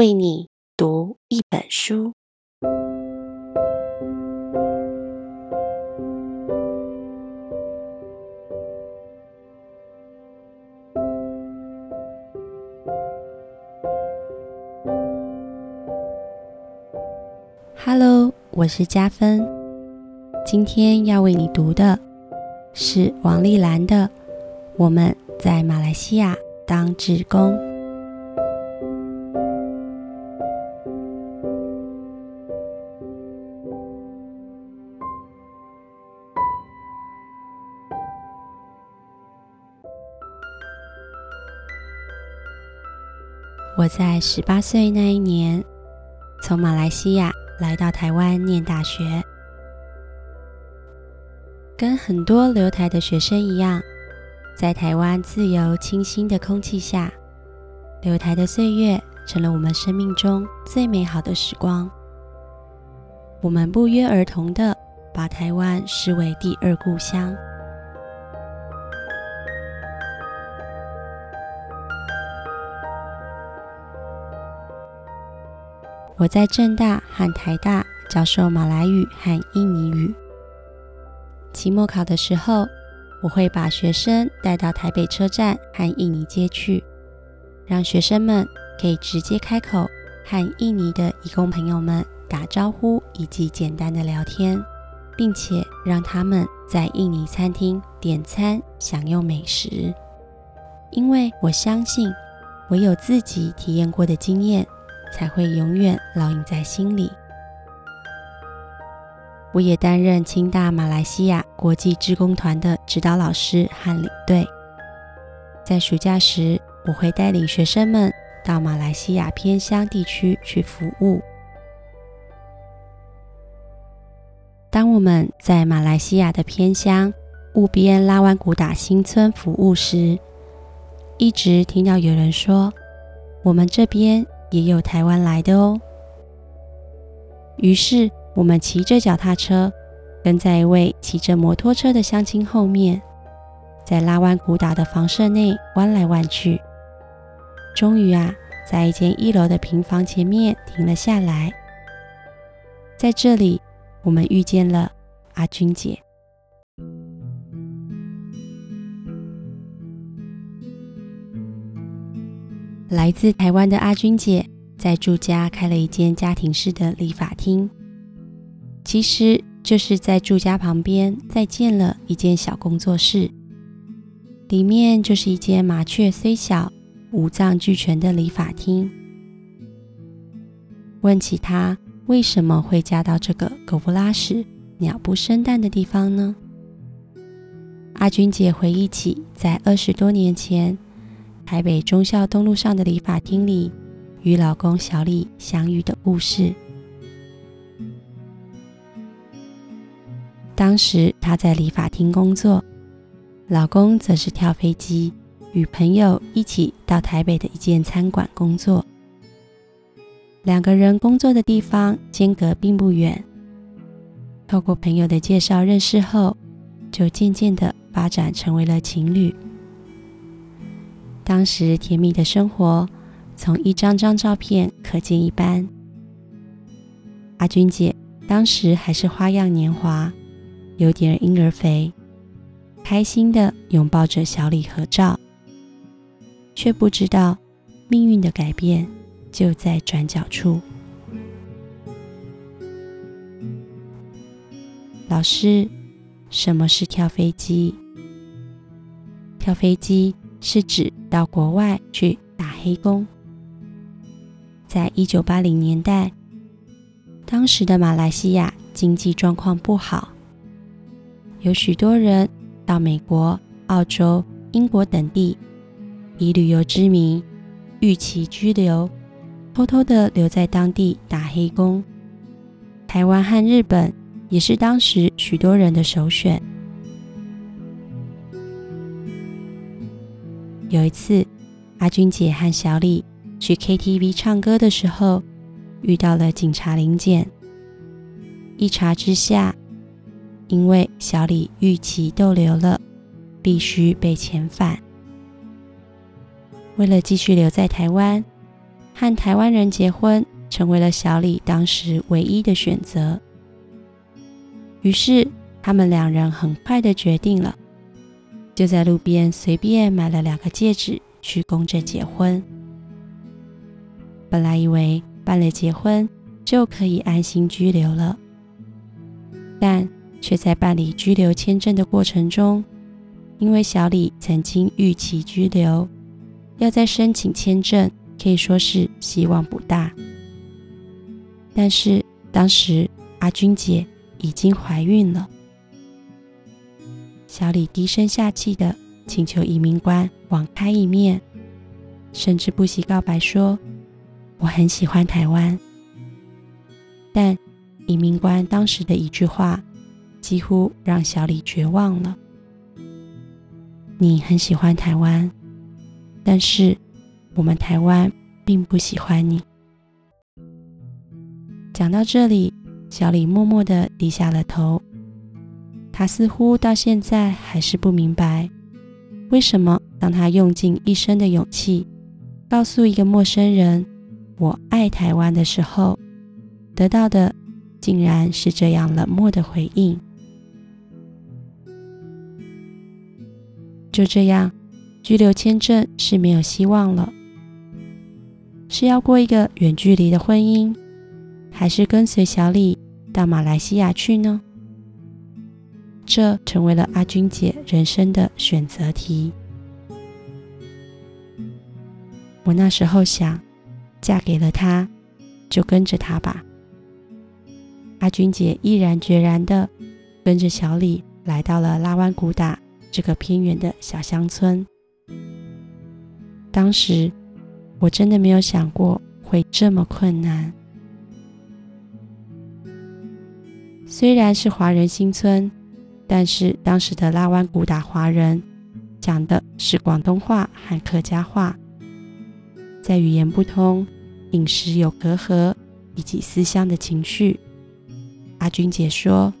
為你讀一本書。Hello，我是家芬，今天要為你讀的是王麗蘭的《我們在馬來西亞當志工》。我在十八歲那一年，從馬來西亞來到台灣念大學，跟很多留台的學生一樣，在台灣自由清新的空氣下，留台的歲月成了我們生命中最美好的時光。我們不約而同地把台灣視為第二故鄉。我在政大和台大教授馬來語和印尼語。期末考的時候，我會把學生帶到台北車站和印尼街去，讓學生們可以直接開口和印尼的移工朋友們打招呼以及簡單的聊天，並且讓他們在印尼餐廳點餐享用美食。因為我相信，我有自己體驗過的經驗，才會永遠烙印在心裡。我也擔任清大馬來西亞國際志工團的指導老師和領隊。在暑假時，我會帶領學生們到馬來西亞偏鄉地區去服務。當我們在馬來西亞的偏鄉務邊拉灣古打新村服務時，一直聽到有人說：“我們這邊。”也有台灣來的哦。於是我們騎着腳踏車，跟在一位騎着摩托車的鄉親後面，在拉灣古打的房舍內彎來彎去。終於啊，在一間一樓的平房前面停了下來。在這裡，我們遇見了阿君姐。來自台灣的阿君姐，在住家開了一間家庭式的理髮廳，其實就是在住家旁邊再建了一間小工作室，裡面就是一間麻雀雖小，五臟俱全的理髮廳。問起她為什麼會嫁到這個狗不拉屎、鳥不生蛋的地方呢？阿君姐回憶起在二十多年前，台北忠孝東路上的理髮廳裡，與老公小李相遇的故事。當時她在理髮廳工作，老公則是跳飛機，與朋友一起到台北的一間餐館工作。兩個人工作的地方間隔並不遠，透過朋友的介紹認識後，就漸漸的發展成為了情侶。當時甜蜜的生活，從一張張照片可見一斑。阿君姐當時還是花樣年華，有點嬰兒肥，開心的擁抱着小李合照，卻不知道命運的改變就在轉角處。老師，什麼是跳飛機？跳飛機？是指到國外去打黑工。在一九八零年代，當時的馬來西亞經濟狀況不好，有許多人到美國、澳洲、英國等地，以旅遊之名，逾期居留，偷偷地留在當地打黑工。台灣和日本也是當時許多人的首選。有一次，阿君姐和小李去 KTV 唱歌的時候，遇到了警察臨檢。一查之下，因為小李逾期逗留了，必須被遣返。為了繼續留在台灣，和台灣人結婚成為了小李當時唯一的選擇。於是，他們兩人很快的決定了。就在路邊隨便買了兩個戒指去公證結婚。本來以為辦了結婚就可以安心居留了，但卻在辦理居留簽證的過程中，因為小李曾經逾期居留，要再申請簽證可以說是希望不大。但是當時阿君姐已經懷孕了。小李低聲下氣的請求移民官網開一面，甚至不惜告白說：“我很喜歡台灣。”但移民官當時的一句話，幾乎讓小李絕望了：“你很喜歡台灣，但是我們台灣並不喜歡你。”講到這裡，小李默默的低下了頭。他似乎到現在還是不明白，為什麼當他用盡一生的勇氣，告訴一個陌生人“我愛台灣”的時候，得到的竟然是這樣冷漠的回應。就這樣，居留簽證是沒有希望了。是要過一個遠距離的婚姻，還是跟隨小李到馬來西亞去呢？這成為了阿君姐人生的選擇題。我那時候想，嫁給了他，就跟着他吧。阿君姐毅然決然的跟着小李來到了拉灣古打這個偏遠的小鄉村。當時我真的沒有想過會這麼困難。雖然是華人新村。但是當時的拉灣古打華人講的是廣東話和客家話，在語言不通、飲食有隔閡以及思鄉的情緒，阿君姐說：“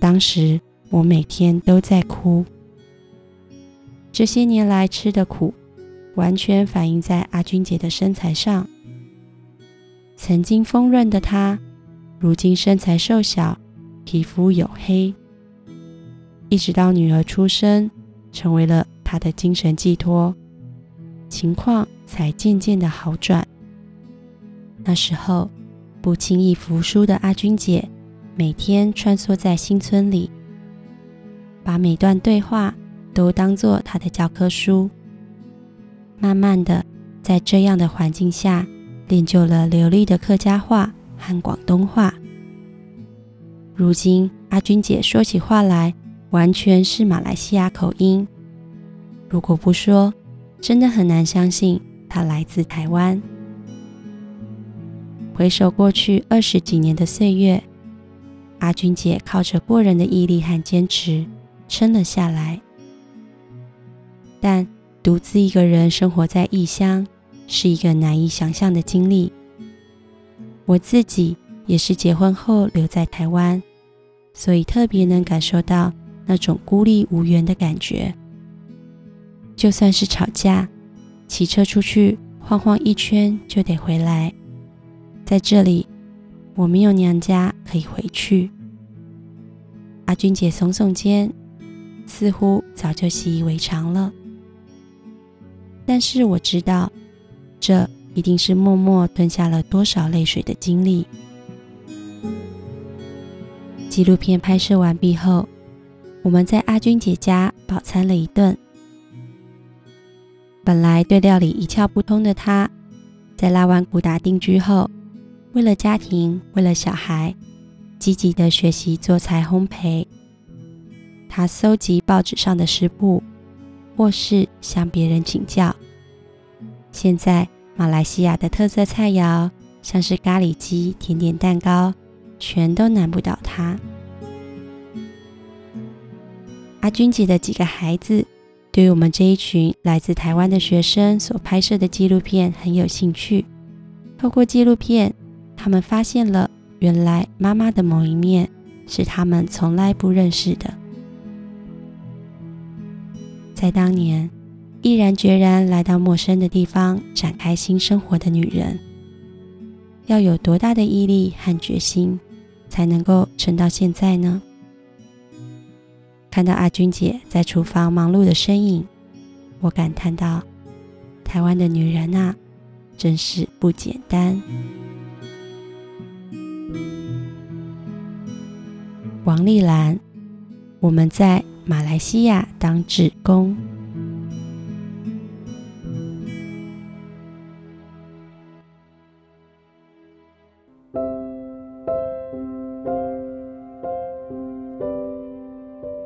當時我每天都在哭。這些年來吃的苦，完全反映在阿君姐的身材上。曾經豐潤的她，如今身材瘦小，皮膚黝黑。”一直到女兒出生，成為了她的精神寄託，情況才漸漸的好轉。那時候，不輕易服輸的阿君姐，每天穿梭在新村裡，把每段對話都當做她的教科書，慢慢的在這樣的環境下，練就了流利的客家話和廣東話。如今，阿君姐說起話來，完全是馬來西亞口音，如果不說，真的很難相信她來自台灣。回首過去二十幾年的歲月，阿君姐靠着過人的毅力和堅持撐了下來。但獨自一個人生活在異鄉，是一個難以想象的經歷。我自己也是結婚後留在台灣，所以特別能感受到。那種孤立無援的感覺，就算是吵架，騎車出去晃晃一圈就得回來。在這裡，我沒有娘家可以回去。阿君姐聳聳肩，似乎早就習以為常了。但是我知道，這一定是默默吞下了多少淚水的經歷。紀錄片拍攝完畢後，我們在阿君姐家飽餐了一頓。本來對料理一竅不通的她，在拉完古達定居後，為了家庭，為了小孩，積極地學習做菜、烘焙。她搜集報紙上的食譜，或是向別人請教。現在，馬來西亞的特色菜餚，像是咖喱雞、甜點、蛋糕，全都難不倒她。阿君姐的幾個孩子，對於我們這一群來自台灣的學生所拍攝的紀錄片很有興趣。透過紀錄片，他們發現了原來媽媽的某一面是他們從來不認識的。在當年，毅然決然來到陌生的地方展開新生活的女人，要有多大的毅力和決心，才能夠撐到現在呢？看到阿君姐在廚房忙碌的身影，我感嘆道：“台灣的女人吶，啊，真是不簡單。”王麗蘭，我們在馬來西亞當志工。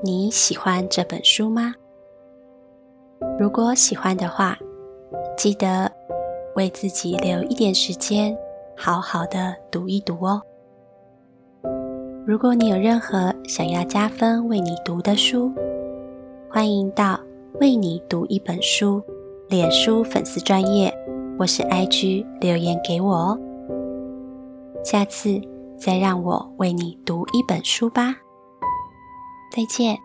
你喜歡這本書嗎？如果喜歡的話，記得為自己留一點時間，好好的讀一讀哦。如果你有任何想要家芬為你讀的書，歡迎到為你讀一本書，臉書粉絲專頁，或是 IG 留言給我哦。下次再讓我為你讀一本書吧。再見。